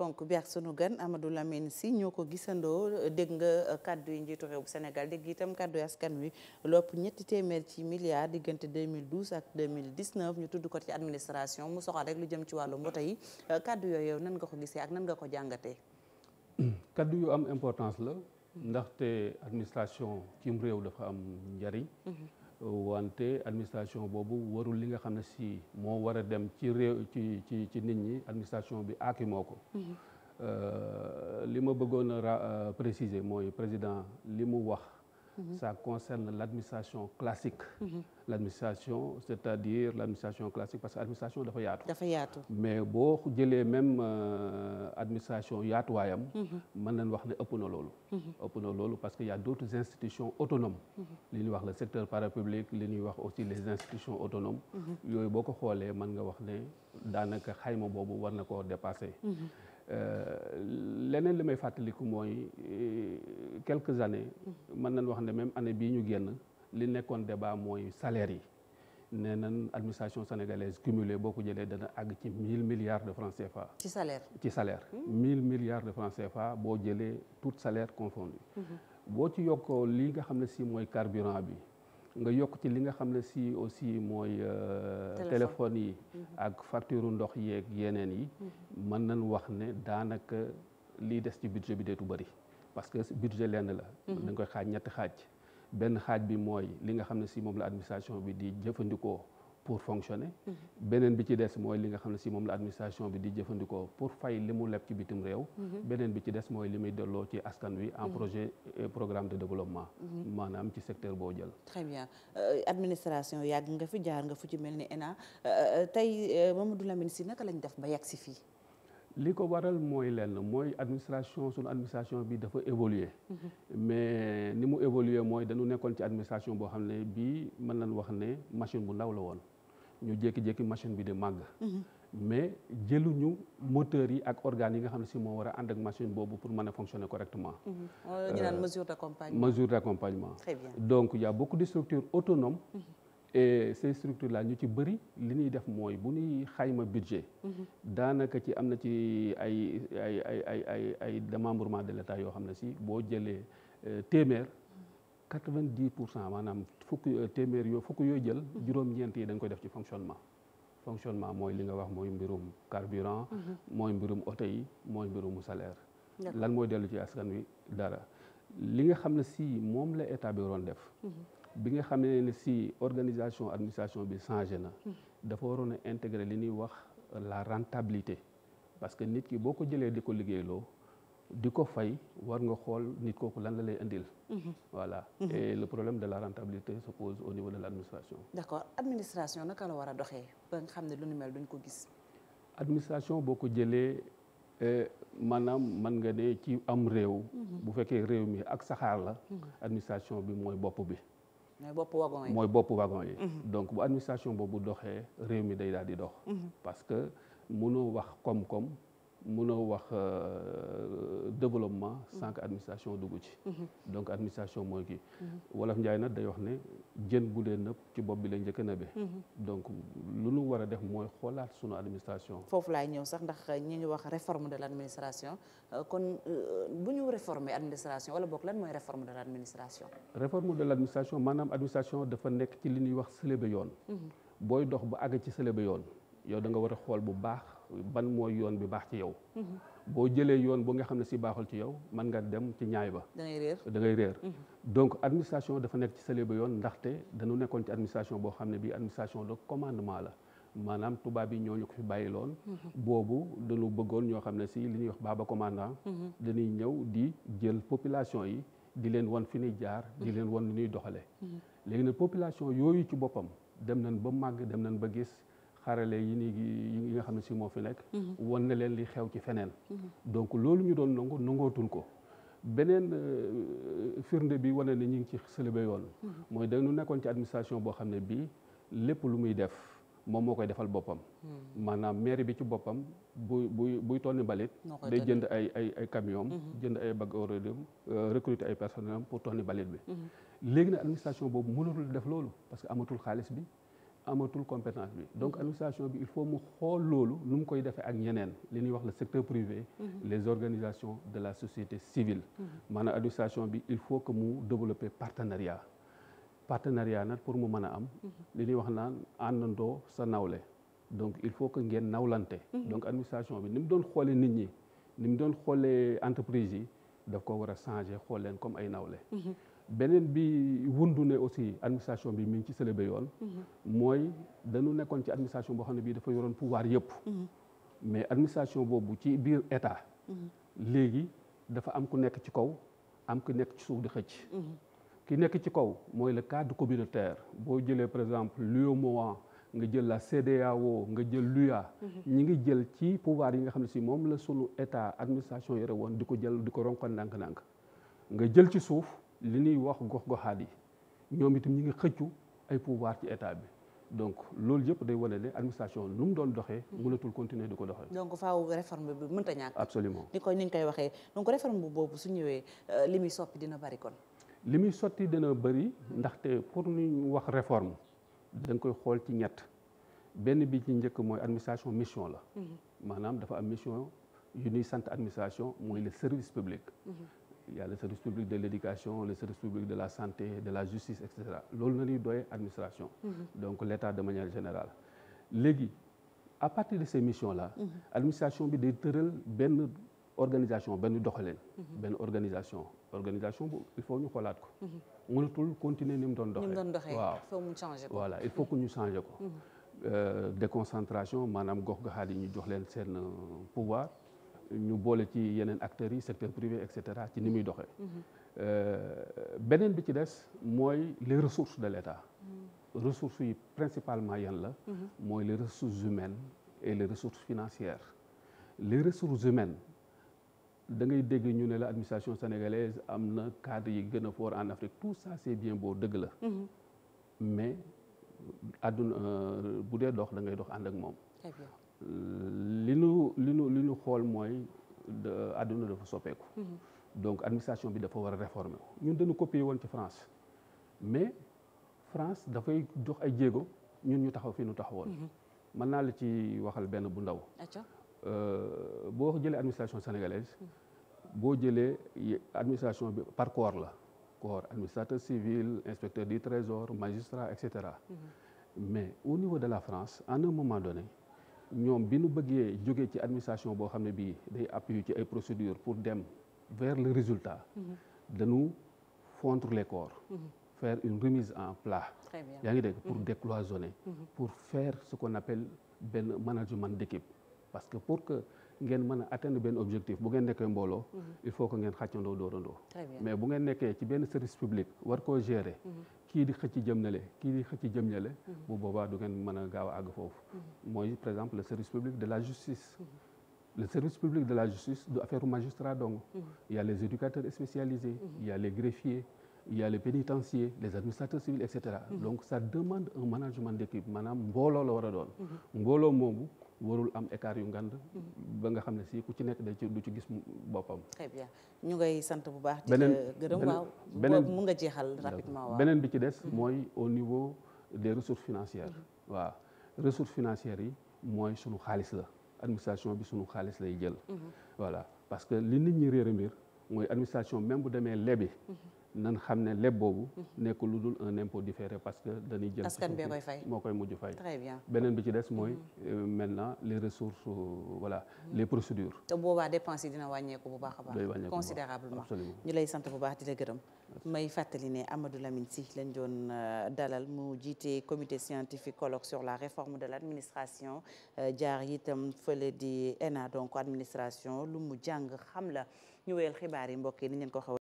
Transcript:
donc bi sunu gan Amadou Lamine si ñoo ko gisandoo dégg nga euh, kàddu yi njiitu réew bu Sénégal dégg itam kaddu yi askan wi lopp ñetti téeméer ci milliards diggante 2012 ak 2019 ñu tudd ko ci administration mu soxal rek lu jëm ci wàllu mboota yi euh, kàddu yooyu yow nan nga ko gisee ak nan nga ko jàngate kaddu yu am importance la. ndaxte administration cim réew dafa am njariñ. Mm-hmm. wante administration boobu warul li nga xam ne si moo war a dem ci ré ci ci ci nit ñi administration bi aaki moo ko mhm. euh, li ma bëggoon a euh, préciser mooy président li mu wax Mm-hmm. ça concerne l'administration classique. Mm-hmm. l'administration c'est-à-dire l'administration classique parce que administration dafa yaatu. dafa yaatu mais boo jëlee même euh, administration yaatuwaayam. Mm-hmm. mën nañ wax ne ëpp na loolu. ëpp na loolu parce que y a d'autres institutions autonomes. li ñuy wax la secteur par parapublic li nuy wax aussi les institutions autonomes. yooyu boo ko xoolee man nga wax ne daanaka xayma boobu war na ko dépasser. Euh, leneen li may fàttaliku mooy euh, quelques années mën nañ wax ne même année bii ñu génn li nekkoon baa mooy salaire yi nee nañ administration sénégalaise cumuler boo ko jëlee dana àgg ci mille milliards de francs CFA. ci salaire ci salaire. Hmm. mille milliards de francs CFA boo jëlee tout salaire confondu. Hmm. boo ci yokkoo li nga xam ne si mooy carburant bi. nga yokk ci li nga xam ne si aussi mooy euh, téléphone yi mm-hmm. ak facture ndox yeeg yeneen yi mm-hmm. mën nañ wax ne daanaka lii des ci budget bi deetu bëri parce que budget lenn la mm-hmm. dañ koy xaaj ñetti xaaj benn xaaj bi mooy li nga xam ne si moom la administration bi di jëfandikoo pour fonctionner beneen bi ci des mooy li nga xam ne si moom la administration bi di jëfandikoo pour fay li mu leb ci bitim réew mhm. beneen bi ci des mooy li muy delloo ci askan wi en mhm. projet et programme de développement mhm. maanaam ci secteur boo jël très bien euh, administration yàgg nga fi jaar nga fu ci mel ni ENA euh, euh, tey Mamadou si nag naka lañ def ba yegg si fii li ko waral mooy lenn mooy administration sunu administration bi dafa évoluer mm-hmm. mais ni mu évoluer mooy dañu nekkoon ci administration boo xam ne bii mën nañu wax ne machine bu ndaw la woon ñu jékki-jékki machine bi di màgg. Mm-hmm. mais jëluñu moteurs yi ak organes yi nga xam ne si moo war a ànd ak machine boobu pour mën a fonctionner correctement. Mm-hmm. ñu naan euh, mesure d'accompagnement. mesure d'accompagnement. très bien donc y a beaucoup de structures et ces structures là ñu ci bëri li ñuy def mooy bu ñuy xayma budget mhm. daanaka ci am na ci ay ay ay ay ay ay de l'État yoo xam ne si boo jëlee euh, téeméer quatre-vingt-dix pour cent maanaam fukki euh, téeméer yoo fukk yoo jël mhm. juróom-ñeent yi dañ koy def ci fonctionnement fonctionnement mooy li nga wax mooy mbirum carburant mhm. mooy mbirum oto yi mooy mbirum salaire lan mooy dellu ci askan wi dara li nga xam ne si moom la état bi waroon def bi nga xam ne si organisation administration bi changé na dafa waroon a intégrer li nuy wax la rentabilité parce que nit ki boo ko jëlee di ko liggéeyloo di ko fay war nga xool nit kooku lan la lay indil mhm. voilà mhm. et le problème de la rentabilité se pose au niveau de l' administration d'accord administration naka la war a doxee xam ne lu ni mel ko gis administration boo ko jëlee eh, maanaam man nga ne ci am réew mhm. bu fekkee réew mi ak saxaar la administration bi mooy bopp bi mooy bopp wagon yi mooy bopp wagon yi. Mhm. donc bu administration boobu doxee réew mi day daal di dox. Mhm. parce que mënoo wax koom-koom. mënoo wax euh, développement sans que administration dugg ci. Mhm. Mhm. donc administration mooy kii. Mhm. wolof njaay na day wax ne jën bu dee nëb ci bopp bi la njëkk na nëbbe. donc lu nu war a def mooy xoolaat sunu administration. foofu laay ñëw sax ndax ñi ngi wax réforme de l' administration euh, kon euh, bu ñu réformer administration wala boog lan mooy réforme de l' administration. réforme de l' administration maanaam administration dafa nekk ci li ñuy wax sëlëbe yoon. booy dox ba àgg ci sëlëbe yoon yow da nga war a xool bu baax. ban mooy yoon bi baax ci yow mhm. boo jëlee yoon bu nga xam ne si baaxul ci yow mën nga dem ci ñaay ba da ngay réer da ngay réer mhm. donc administration dafa nekk ci sali ba yoon ndaxte dañu nekkoon ci administration boo xam ne bii administration de commandement la maanaam tubaab yi ñoo ñu ko fi bàyyi loon mhm. boobu dañu bëggoon ñoo xam ne si li ñuy wax baaba commandant dañuy ñëw di jël population yi di leen wan fi ñuy jaar di leen wan lu ñuy doxale léegi nag population yooyu ci boppam dem xarale yi ni yi nga xam ne si fi nekk mhm. wan na leen li xew ci feneen mhm. donc loolu ñu doon nangu nangootuñ ko beneen euh, firnde bi wane na ñu ngi ci sëlëbe yoon mhm. mooy de dañu nekkoon ci administration boo xam ne bii lépp lu muy def moom moo koy defal boppam maanaam mairie bi ci boppam buy buy buy tonni mbalit day jënd ay ay ay camion jënd ay bagorodium euh, recruter ay personnel am pour tonni mbalit bi léegi na administration boobu mënatul def loolu parce que amatul amatul compétence bi donc administration bi il faut mu xool loolu nu mu koy defee ak ñeneen li ñuy wax le secteur privé mhm. les organisations de la société civile mhm. maanaam administration bi il faut que mu développer partenariat partenariat nag pour mu mën a am mhm. li ñuy wax naan àndandoo sa nawle donc il faut que ngeen nawlante donc administration bi ni mu doon xoolee nit ñi ni mu doon xoolee entreprise yi daf ko war a changer xool leen comme ay nawle beneen bi wundu ne aussi administration bi mi ngi ci sëlëbe yoon mhm. mooy dañu nekkoon ci administration boo xam ne bii dafa yoroon pouvoir yëpp mhm. mais administration boobu ci biir état mhm. léegi dafa am ku nekk ci kaw am ku nekk ci suuf di xëcc ki nekk ci kaw mooy le cadre communautaire boo jëlee par exemple l'UEMOA nga jël la CEDEAO nga jël l'UA ñi ngi jël ci pouvoir yi nga xam ne si moom la sunu état administration yore woon di ko jël di ko ronkon ndànk-ndànk nga jël ci suuf li ñuy wax gox-goxaat yi ñoom itam ñu ngi xëccu ay pouvoir ci état bi donc loolu yëpp day wane ne administration lu mu doon doxee mënatul continuer di ko doxee donc faaw réforme bi mënta ñàkk absolument ni ko ni nga koy waxee donc réforme bu boobu su ñëwee euh, li muy soppi dina bari kon li muy sotti dina bari ndaxte pour ñu wax réforme dañ koy xool ci ñett benn bi ci njëkk mooy administration mission la mhm. maanaam dafa am mission yu ñuy sant administration mooy le service public mhm. il y a le service public de l'éducation le service public de la santé de la justice et cetera loolu la ñuy doyee administration mm-hmm. donc l'État de manière générale léegi à partir de ces missions là mm-hmm. administration bi day tëral benn organisation benn doxaleen mm-hmm. benn organisation organisation bu il faut ñu xoolaat ko mënatul continuer ni mu doon doxee waaw il faut que ñu changer ko euh, déconcentration maanaam gox goxaat yi ñu jox leen seen pouvoir ñu boole ci yeneen acteurs yi secteur privé et cetera ci ni muy doxee. Euh, beneen bi ci des mooy les ressources de l'État. Mm-hmm. ressources yi principalement yan la. Mm-hmm. mooy les ressources humaines et les ressources financières. les ressources humaines da ngay dégg ñu ne la administration sénégalaise am na cadre yi gën a fort en Afrique tout ça c'est bien boo dégg la. Mm-hmm. mais euh, àdduna euh, bu dee dox da ngay dox ànd ak moom. li nu li nu li nu xool mooy àdduna dafa soppeeku. Mhm. donc administration bi dafa war a réformer ñun dañu copier woon ci France mais France dafay jox ay jéego ñun ñu taxaw fi ñu taxawoon. Mhm. mën naa la ci waxal benn bu ndaw. Euh, boo jëlee administration sénégalaise. Mhm. boo jëlee administration bi par corps la. corps administrateur civil inspecteur du trésor magistrat et cetera. mais au niveau de la France en un moment donné. ñoom bi nu bëggee jóge ci administration boo xam ne bii day appuyé ci ay procédures pour dem vers le résultat mhm. dañu fondre les corps mhm. faire une remise en plat yaa ngi dégg pour mhm. décloisonner pour faire ce qu'on appelle benn management d'équipe parce que pour que ngeen mën a atteindre benn objectif bu ngeen nekkee mbooloo il faut que ngeen xàccandoo doorandoo mais bu ngeen nekkee ci benn service public war koo gérer kii di xëcc jëm nale kii di xëcc jëm nale hmm. bu boobaa du ngeen mën a gaaw a àgg foofu hmm. mooy par exemple le service public de la justice le service public de la justice du affaire magistrat donc hmm. il y a les éducateurs spécialisés il les greffiers il y a les pénitenciers les administrateurs civils et cetera donc ça demande un management d'équipe maanaam mbooloo la war a doon mbooloo moomu warul am écart yu ngand ba nga xam ne si ku ci nekk da ci du ci gis boppam. très bien ñu ngay sant bu baax. di gërëm waaw beneen mu nga jeexal rapidement waaw. beneen bi ci des mhm. mooy au niveau des ressources financières. Mhm. waa ressources financières yi mooy sunu xaalis la administration bi sunu xaalis lay jël. Mhm. voilà parce que li nit ñi réer a mbir mooy administration même bu demee lebi. nan xam ne leb boobu. Mhm. nekk lu dul un impôt différé parce que dañuy jël. askan bee koy fay moo koy mujj fay. beneen bi ci des mooy. Mhm. Euh, maintenant les ressources euh, voilà mhm. les procédures. te boobaa dépenses yi dina wàññeeku bu baax a baax. day considérablement ñu lay sant bu baax di la gërëm. may fàttali ne Amadou Lamine Sy lañ doon euh, dalal mu jiite comité scientifique colloque sur la réforme de l' jaar itam fële di ENA donc administration lu mu jàng xam la ñu wéyal xibaar